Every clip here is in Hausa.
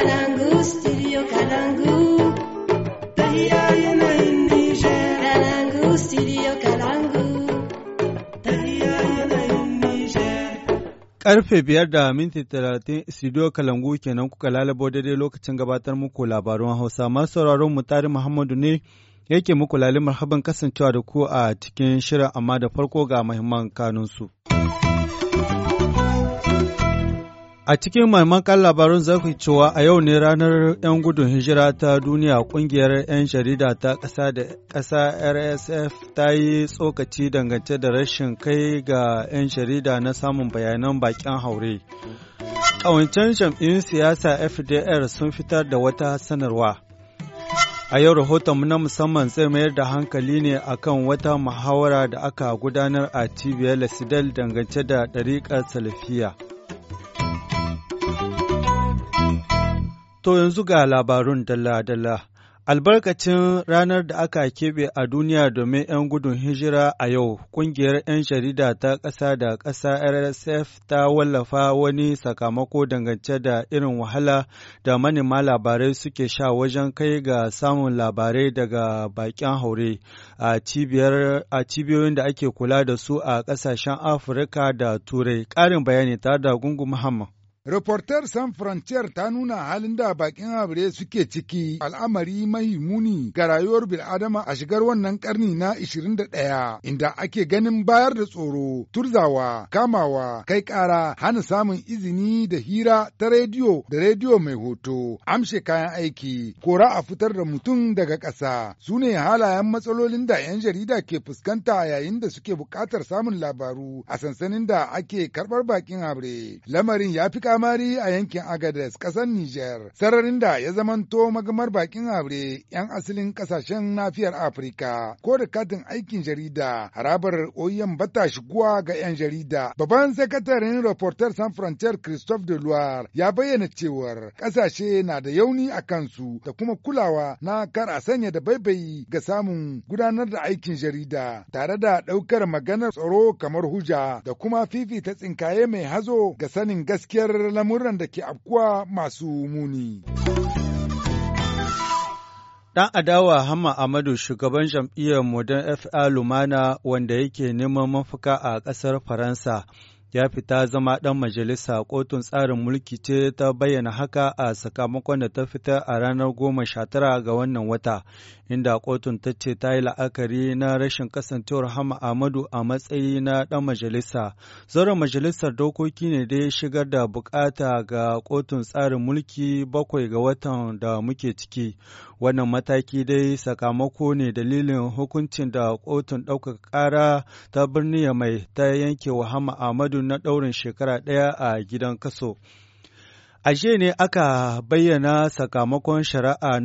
Kalangu, Karfe biyar da minti talatin studio Kalangu kenan kuka lalabo daidai lokacin gabatar muku labarun Hausa. Masu sauraron mu tare Muhammadu ne yake muku lalimar haban kasancewa da ku a cikin shirin amma da farko ga mahimman kanunsu. A cikin maimakon labarun za cewa a yau ne ranar 'yan gudun hijira ta duniya kungiyar 'yan jarida ta ƙasa da ƙasa RSF ta yi tsokaci dangance da rashin kai ga 'yan jarida na samun bayanan bakin haure. Ƙawancen jam'iyyun siyasa FDR sun fitar da wata sanarwa. A yau rahotonmu na musamman zai mayar da hankali ne akan wata muhawara da aka gudanar a cibiyar Lasidel dangance da ɗariƙar Salafiya. To yanzu ga labarun dalla-dalla. Albarkacin ranar da aka keɓe a duniya domin 'yan gudun hijira a yau, ƙungiyar 'yan jarida ta ƙasa da ƙasa RSF ta wallafa wani sakamako dangance da irin wahala da manema labarai suke sha wajen kai ga samun labarai daga baƙin haure a cibiyoyin da ake kula da su a ƙasashen Afirka da Turai. Ƙarin bayani tare da Gungu Muhammad. Reporter San Frontier ta nuna halin da bakin abure suke ciki al'amari mai muni ga rayuwar bil'adama a shigar wannan karni na 21 inda ake ganin bayar da tsoro, turzawa, kamawa, kai kara, hana samun izini da hira ta rediyo da rediyo mai hoto, amshe kayan aiki, kora a fitar da mutum daga ƙasa. Su ne halayen matsalolin da 'yan jarida ke fuskanta yayin da suke buƙatar samun labaru a sansanin da ake karɓar bakin abure. Lamarin ya fi kamari a yankin Agades, ƙasar Nijar, sararin da ya zamanto magamar bakin aure 'yan asalin ƙasashen nafiyar Afirka, ko da katin aikin jarida, harabar OEM bata shiguwa ga 'yan jarida. Babban sakataren Reporter San Frontier Christophe de Loire ya bayyana cewar ƙasashe na da yauni a kansu da kuma kulawa na kar a sanya da baibayi ga samun gudanar da aikin jarida tare da ɗaukar maganar tsaro kamar hujja da kuma fifita tsinkaye mai hazo ga sanin gaskiyar faruwar lamuran da ke afkuwa masu muni. Ɗan adawa Hamma Amadu shugaban jam'iyyar Modern FA Lumana wanda yake neman mafuka a ƙasar Faransa ya fita zama ɗan majalisa kotun tsarin mulki ce ta bayyana haka a sakamakon da ta fita a ranar goma sha tara ga wannan wata inda kotun ta ce ta yi la'akari na rashin kasancewar hama amadu a matsayi na ɗan majalisa zaurin majalisar dokoki ne dai shigar da bukata ga kotun tsarin mulki bakwai ga watan da muke ciki wannan mataki dai sakamako ne dalilin hukuncin da kotun ɗaukaka ƙara ta birni mai ta yanke wa hama amadu Aliyu na ɗaurin shekara ɗaya a gidan kaso. A jiya ne aka bayyana sakamakon shari'a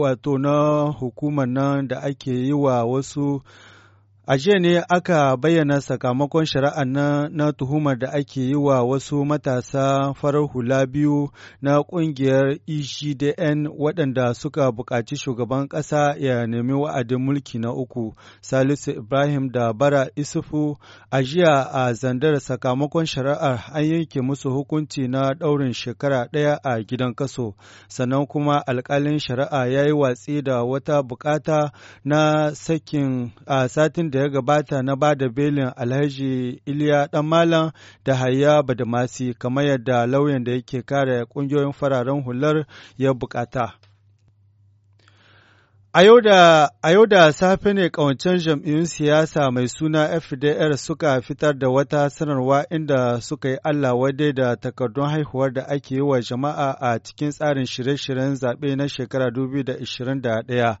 wato na hukumar nan da ake yi wa wasu A jiya ne aka bayyana sakamakon shari'a na, na tuhumar da ake yi wa wasu matasa farar hula biyu na ƙungiyar EGDN waɗanda suka buƙaci shugaban ƙasa ya nemi wa'adin mulki na uku, Salisu Ibrahim da Bara Isufu. A jiya a zandar sakamakon shari'a an yanke musu hukunci na ɗaurin shekara ɗaya a gidan kaso, sannan kuma alƙalin shari'a ya yi watsi da wata buƙata na sakin a satin da da ya gabata na ba da belin Alhaji Iliya Dan Malam da Hayya Badamasi kamar yadda lauyan da yake kare ƙungiyoyin fararen hular ya bukata. A yau da safe ne kawancen jam'iyyun siyasa mai suna FDR suka fitar da wata sanarwa inda suka yi Allah wadai da takardun haihuwar da ake yi wa jama'a a cikin tsarin shirye-shiryen zaɓe na shekara 2021,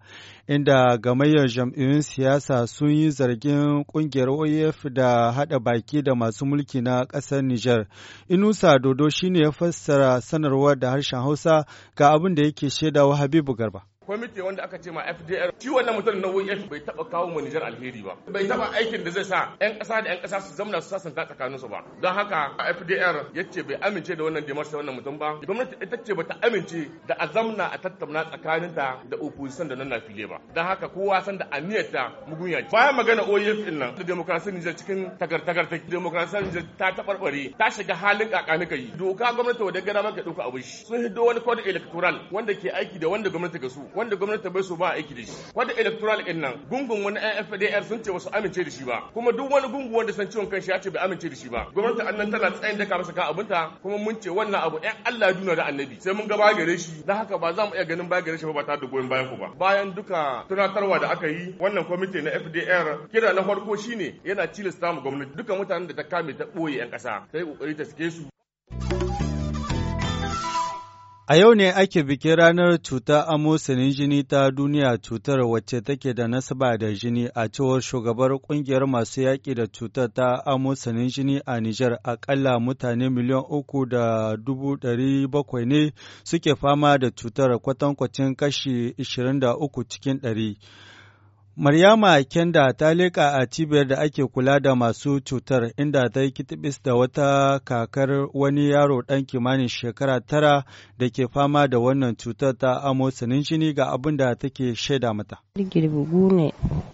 inda gamayyar jam'iyyun siyasa sun yi zargin ƙungiyar OEF da haɗa baki da masu mulki na ƙasar Nijar. Inusa Dodo shine ya fassara sanarwar da harshen Hausa ga abin da yake shaidawa Habibu Garba. kwamiti wanda aka ce ma FDR shi wannan mutum na OEF bai taba kawo mu Nijar alheri ba bai taba aikin da zai sa yan ƙasa da yan ƙasa su zamna su sasanta tsakanin su ba don haka FDR yace bai amince da wannan demarche wannan mutum ba gwamnati ita ce bata amince da a zamna a tattauna tsakaninta da opposition da nan na file ba don haka kowa san da aniyarta mugunya bayan magana OEF din nan da demokrasiyar Niger cikin tagartagar ta demokrasiyar Niger ta tabarbare ta shiga halin kakanika yi doka gwamnati wadda gara maka dauka abin shi sun hiddo wani code electoral wanda ke aiki da wanda gwamnati ga su wanda gwamnati ta bai so ba a aiki da shi kwada electoral din nan gungun wani AFDR sun ce wasu amince da shi ba kuma duk wani gungu wanda san ciwon kanshi ya ce bai amince da shi ba gwamnati nan tana tsayin daka masa ka abunta kuma mun ce wannan abu ɗan Allah duna da annabi sai mun ga ba gare shi da haka ba za mu iya ganin gare shi ba ba ta da goyon bayan ku ba bayan duka tunatarwa da aka yi wannan kwamiti na FDR kira na farko shine yana tilasta mu gwamnati duka mutanen da ta kame ta ɓoye 'yan ƙasa sai kokari ta sike su A yau ne ake bikin ranar cutar amosanin jini ta duniya cutar wacce take da nasaba da jini a cewar shugabar kungiyar masu yaƙi da cutar ta amosanin jini a Nijar akalla mutane miliyan uku da dubu ɗari bakwai ne suke fama da cutar kwatankwacin kashi 23 cikin ɗari. Maryama Kenda ta leƙa a cibiyar da ake kula da masu cutar inda ta yi kitibis da wata kakar wani yaro ɗan kimanin shekara tara da ke fama da wannan cutar ta amo jini ga abin da take shaida mata.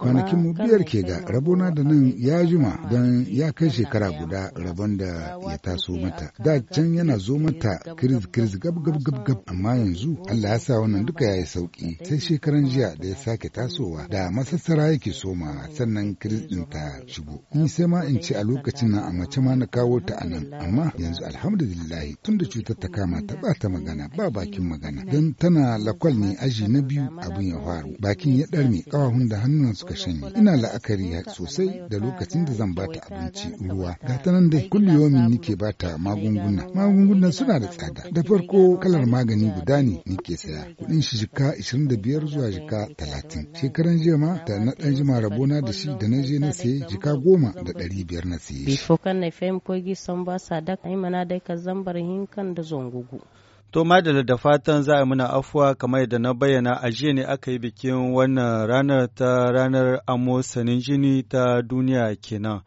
kwanakin mu biyar ke ga rabona da nan ya juma don ya kai shekara guda rabon da ya taso mata da can yana zo mata kirz kirz gab gab gab gab amma yanzu Allah ya sa wannan duka ya yi sauki sai shekaran jiya da ya sake tasowa da masassara yake soma sannan kirz din ta shigo ni sai ma in ce a lokacin nan a mace ma na kawo ta a nan. amma yanzu alhamdulillah da cutar ta kama ta ba ta magana ba bakin magana don tana lakwal ne aji na biyu abin ya faru bakin ya darme kawahun da hannun suka ka ina la'akari sosai da lokacin da zan bata abinci ruwa ga ta nan dai kulliyomin nike bata magunguna magunguna suna da tsada da farko kalar magani guda ne nike saya kuɗin shi jika 25 zuwa jika 30 shekaran jiya ma ta na ɗan jima rabona da shi da na je na saye jika goma da ɗari biyar na saye shi. kan na fahim kogi son ba sa da mana dai ka zambar hinkan da zongugu. To madalla da fatan za a muna afuwa kamar yadda na bayyana a jiya ne aka yi bikin wannan ranar ta ranar amosanin jini ta duniya kenan.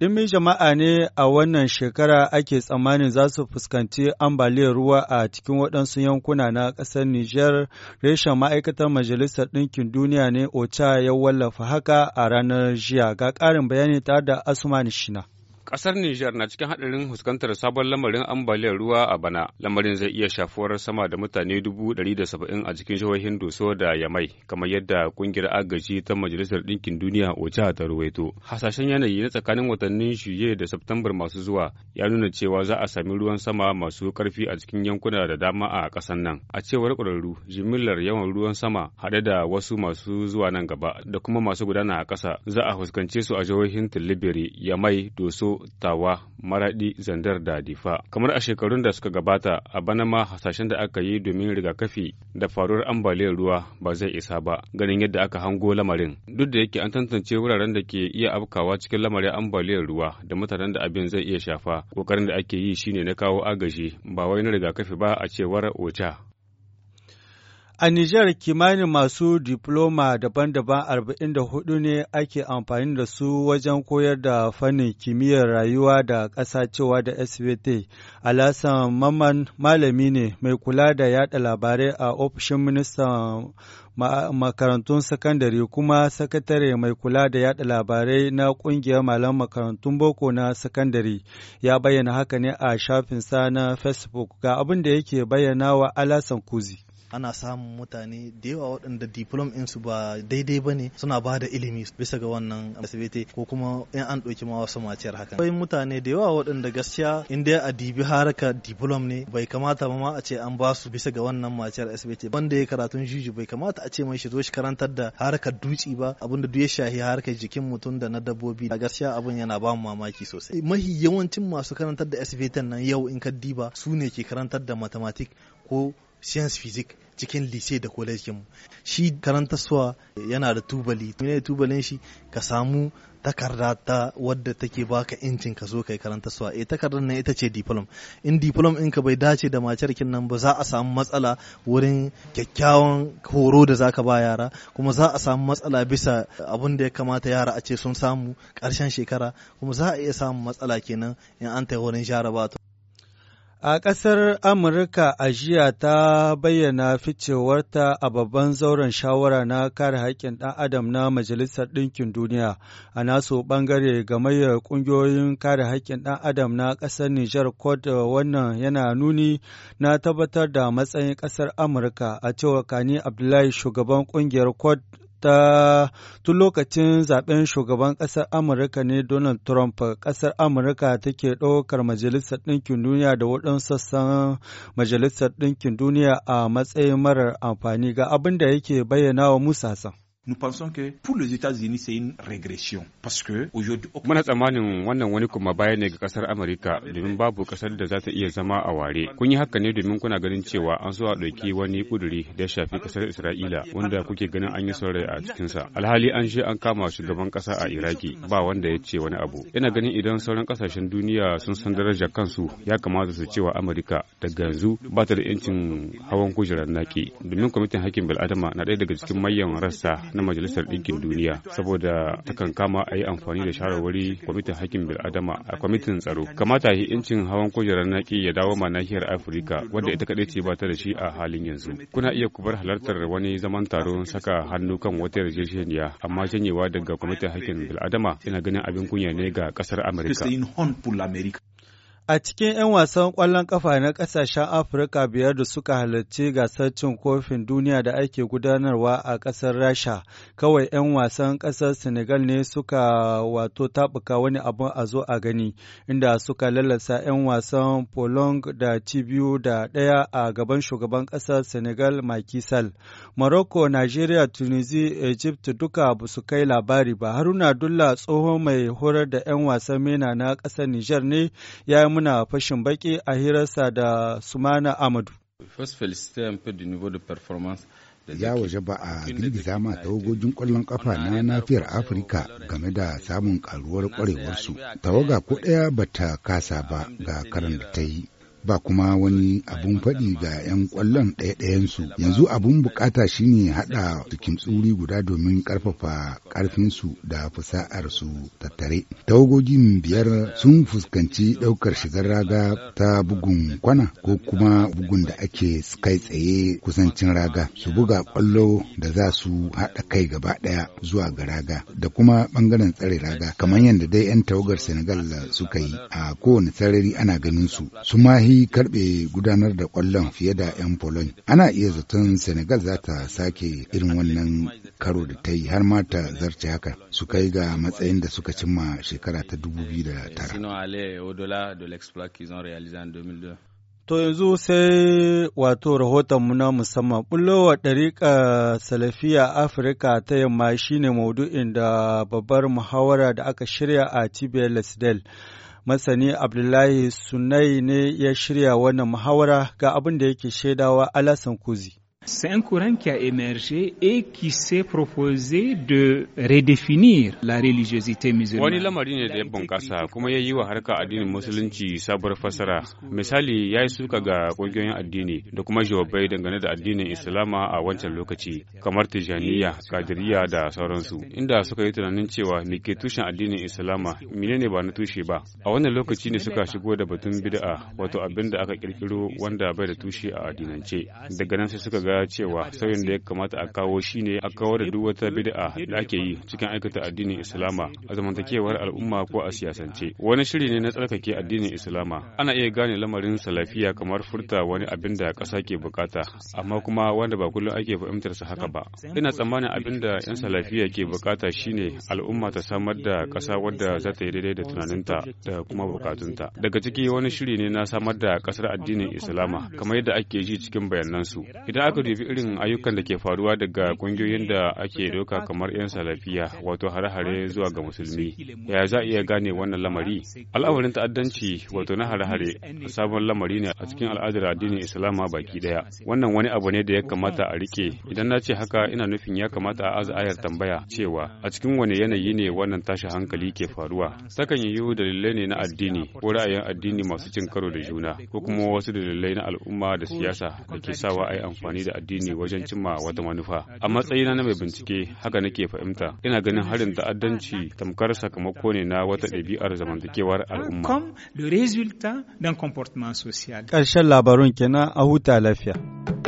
Dimmin jama'a ne a wannan shekara ake tsammanin za su fuskanci ambaliyar ruwa a cikin waɗansu yankuna na ƙasar Nijar, reshen ma'aikatar Majalisar Ɗinkin Duniya ne OCHA ya wallafa haka a ranar jiya. Ga ƙarin bayani ta da Asuma Shina. Ƙasar Nijar na cikin haɗarin fuskantar sabon lamarin ambaliyar ruwa a bana. Lamarin zai iya shafuwar sama da mutane dubu ɗari da saba'in a cikin jihohin Doso da Yamai, kamar yadda ƙungiyar agaji ta Majalisar Ɗinkin Duniya OCHA ta ruwaito. Hasashen yanayi na tsakanin watannin Shuye da Septambar masu zuwa ya nuna cewa za a sami ruwan sama masu ƙarfi a cikin yankuna da dama a ƙasar nan. A cewar ƙwararru, jimillar yawan ruwan sama haɗe da wasu masu zuwa nan gaba da kuma masu gudana a ƙasa za a fuskance su a jihohin Tilibiri, Yamai, Doso, Tawa, Maradi, Zandar da Difa. Kamar a shekarun da suka gabata, a bana ma hasashen da aka yi domin rigakafi da faruwar ambaliyar ruwa ba zai isa ba, ganin yadda aka hango lamarin. Duk da yake an tantance wuraren da ke iya afkawa cikin lamarin ambaliyar ruwa da mutanen da abin zai iya shafa, kokarin da ake yi shine na kawo agaji, ba wai na rigakafi ba a cewar Ocha. A Nijar kimanin masu diploma daban-daban 44 ne ake amfani da su wajen koyar da fannin kimiyyar rayuwa da ƙasa cewa da SVT. Alasan Maman malami ne mai kula da yada labarai a ofishin ministan makarantun sakandare kuma sakatare mai kula da yada labarai na kungiyar malam makarantun boko na sakandare ya bayyana haka ne a shafinsa na facebook ga abin da yake bayyana wa alasan kuzi ana samun mutane da yawa waɗanda diplom su ba daidai ba ne suna ba da ilimi bisa ga wannan asibiti ko kuma in an ɗauki ma wasu maciyar haka akwai mutane da yawa waɗanda gaskiya in dai a dibi haraka diplom ne bai kamata ma a ce an ba su bisa ga wannan maciyar asibiti wanda ya karatun juji bai kamata a ce mai shi zo shi karantar da harkar dutse ba abinda duk ya shahi harkar jikin mutum da na dabbobi a gaskiya abin yana ba mu mamaki sosai mahi yawancin masu karantar da asibitin nan yau in ka diba su ne ke karantar da mathematics ko science physics cikin lise da mu shi karantarsuwa yana da tubali ne tubalin shi ka samu takarda ta wadda take baka incin ka zo kai karantarsuwa eh takardar nan ita ce diplom in in ka bai dace da macarkin nan ba za a samu matsala wurin kyakkyawan horo da zaka ba yara kuma za a samu matsala bisa abin da ya kamata yara a ce sun samu karshen shekara kuma za a iya samun matsala kenan in an ta wurin jarabata A ƙasar Amurka a jiya ta bayyana ficewarta a babban zauren shawara na kare haƙƙin ɗan adam na Majalisar Ɗinkin Duniya. A nasu ɓangare gamayyar ƙungiyoyin kare haƙƙin ɗan adam na ƙasar Nijar Kod wannan yana nuni na tabbatar da matsayin ƙasar Amurka a cewa Kani Abdullahi shugaban ƙungiyar Kod ta tun lokacin zaben shugaban ƙasar Amurka ne Donald Trump ƙasar Amurka take ɗaukar Majalisar Ɗinkin Duniya da waɗansu sassan Majalisar Ɗinkin Duniya a matsayin marar amfani ga abin da yake bayyana wa Musa Nous pensons que pour les États-Unis c'est une régression parce que aujourd'hui tsammanin wannan wani kuma baya ne ga kasar Amurka domin babu kasar da za ta iya zama a ware. Kun yi haka ne domin kuna ganin cewa an so a ɗauki wani kuduri da shafi kasar Isra'ila wanda kuke ganin an yi saurayi a cikinsa. Alhali an je an kama shugaban kasa a Iraki ba wanda ya ce wani abu. Ina ganin idan sauran kasashen duniya sun san darajar kansu ya kamata su cewa Amurka daga yanzu ba ta da 'yancin hawan kujerar naki domin kwamitin hakkin bil'adama na ɗaya daga cikin manyan rassa na Majalisar Ɗinkin Duniya saboda takan kama a yi amfani da shawarwari kwamitin hakkin bil'adama a kwamitin tsaro. Kamata yi incin hawan kujerar naki ya dawo ma nahiyar Afirka wadda ita kaɗai ce ba ta da shi a halin yanzu. Kuna iya ku bar halartar wani zaman taron saka hannu kan wata yarjejeniya amma janyewa daga kwamitin hakkin bil'adama ina ganin abin kunya ne ga ƙasar Amurka. A cikin 'yan wasan ƙwallon ƙafa na ƙasashen Afirka biyar da suka halarci gasar cin kofin duniya da ake gudanarwa a ƙasar Rasha, kawai 'yan wasan ƙasar Senegal ne suka wato taɓuka wani abun a zo a gani, inda suka lalasa 'yan wasan Polong da Cibiyu da ɗaya a gaban shugaban ƙasar Senegal Macky Sall. Morocco, Nigeria, Tunisia, Egypt duka ba su kai labari ba. Haruna Dulla tsohon mai horar da 'yan wasan Mena na ƙasar Nijar ne ya muna fashin baki a hirarsa da Sumana Amadu. ya waje ba a girgiza ma tawagogin kwallon kafa na nafiyar afirka game da samun karuwar kwarewarsu tawaga ko ɗaya ba ta kasa ba ga karan da ta yi ba kuma wani abun faɗi ga 'yan ƙwallon ɗaya-ɗayansu yanzu abun bukata shine haɗa cikin tsuri guda domin ƙarfafa ƙarfinsu da fasa'arsu tattare tawagogin biyar sun fuskanci ɗaukar shigar raga ta bugun kwana ko kuma bugun da ake kai tsaye kusancin raga su buga ƙwallo da za su haɗa kai gaba ɗaya zuwa ga raga da kuma ɓangaren tsare raga kamar yadda dai 'yan tawagar senegal suka yi a kowane sarari ana ganin su su mahi yi karbe gudanar da kwallon fiye da 'yan Poland. Ana iya zaton Senegal za ta sake irin wannan karo da ta yi har ma ta zarce haka su kai ga matsayin da suka cimma shekara ta 2009. To yanzu sai wato rahotonmu na musamman bullowa ɗariƙa salafiya Afirka ta yamma shine maudu'in da babbar muhawara da aka shirya a cibiyar lasdale Masani Abdullahi Sunai ne ya shirya wannan muhawara ga abin da yake shaidawa Alasan Kuzi. C'est un courant qui a émergé et qui s'est proposé de redéfinir la religiosité musulmane. Wani lamari ne da ya bunkasa kuma ya yi wa harka addinin musulunci sabuwar fasara. Misali ya yi suka ga ƙungiyoyin addini da kuma jawabai dangane da addinin Islama a wancan lokaci, kamar Tijaniya, Kadiriya da sauransu, inda suka yi tunanin cewa me ke tushen addinin Islama menene ba na tushe ba. A wannan lokaci ne suka shigo da batun bid'a, wato abin da aka kirkiro wanda bai da tushe a addinance. Daga nan sai suka ga ga cewa sauyin da ya kamata a kawo shi ne a kawo da duk wata bid'a da ake yi cikin aikata addinin Islama a zamantakewar al'umma ko a siyasance. Wani shiri ne na tsarkake addinin Islama. Ana iya gane lamarin salafiya kamar furta wani abin da ƙasa ke bukata, amma kuma wanda ba kullum ake fahimtar sa haka ba. Ina tsammanin abin da 'yan salafiya ke bukata shine al'umma ta samar da ƙasa wadda za ta yi daidai da tunaninta da kuma bukatunta. Daga ciki wani shiri ne na samar da ƙasar addinin Islama kamar yadda ake ji cikin bayanansu. Idan aka ku dubi irin ayyukan da ke faruwa daga kungiyoyin da ake doka kamar 'yan salafiya wato hare-hare zuwa ga musulmi ya za a iya gane wannan lamari al'amarin ta'addanci wato na hare-hare sabon lamari ne a cikin al'adar addinin islama baki daya wannan wani abu ne da ya kamata a rike idan na ce haka ina nufin ya kamata a aza ayar tambaya cewa a cikin wani yanayi ne wannan tashi hankali ke faruwa yi yiwu dalilai ne na addini ko ra'ayin addini masu cin karo da juna ko kuma wasu dalilai na al'umma da siyasa da ke sawa a yi amfani da addini wajen cimma wata manufa. A matsayina na mai bincike haka nake fahimta. Ina ganin harin ta'addanci tamkar sakamako ne na wata ɗabi'ar zamantakewar al'umma. karshen labarun kenan a huta lafiya.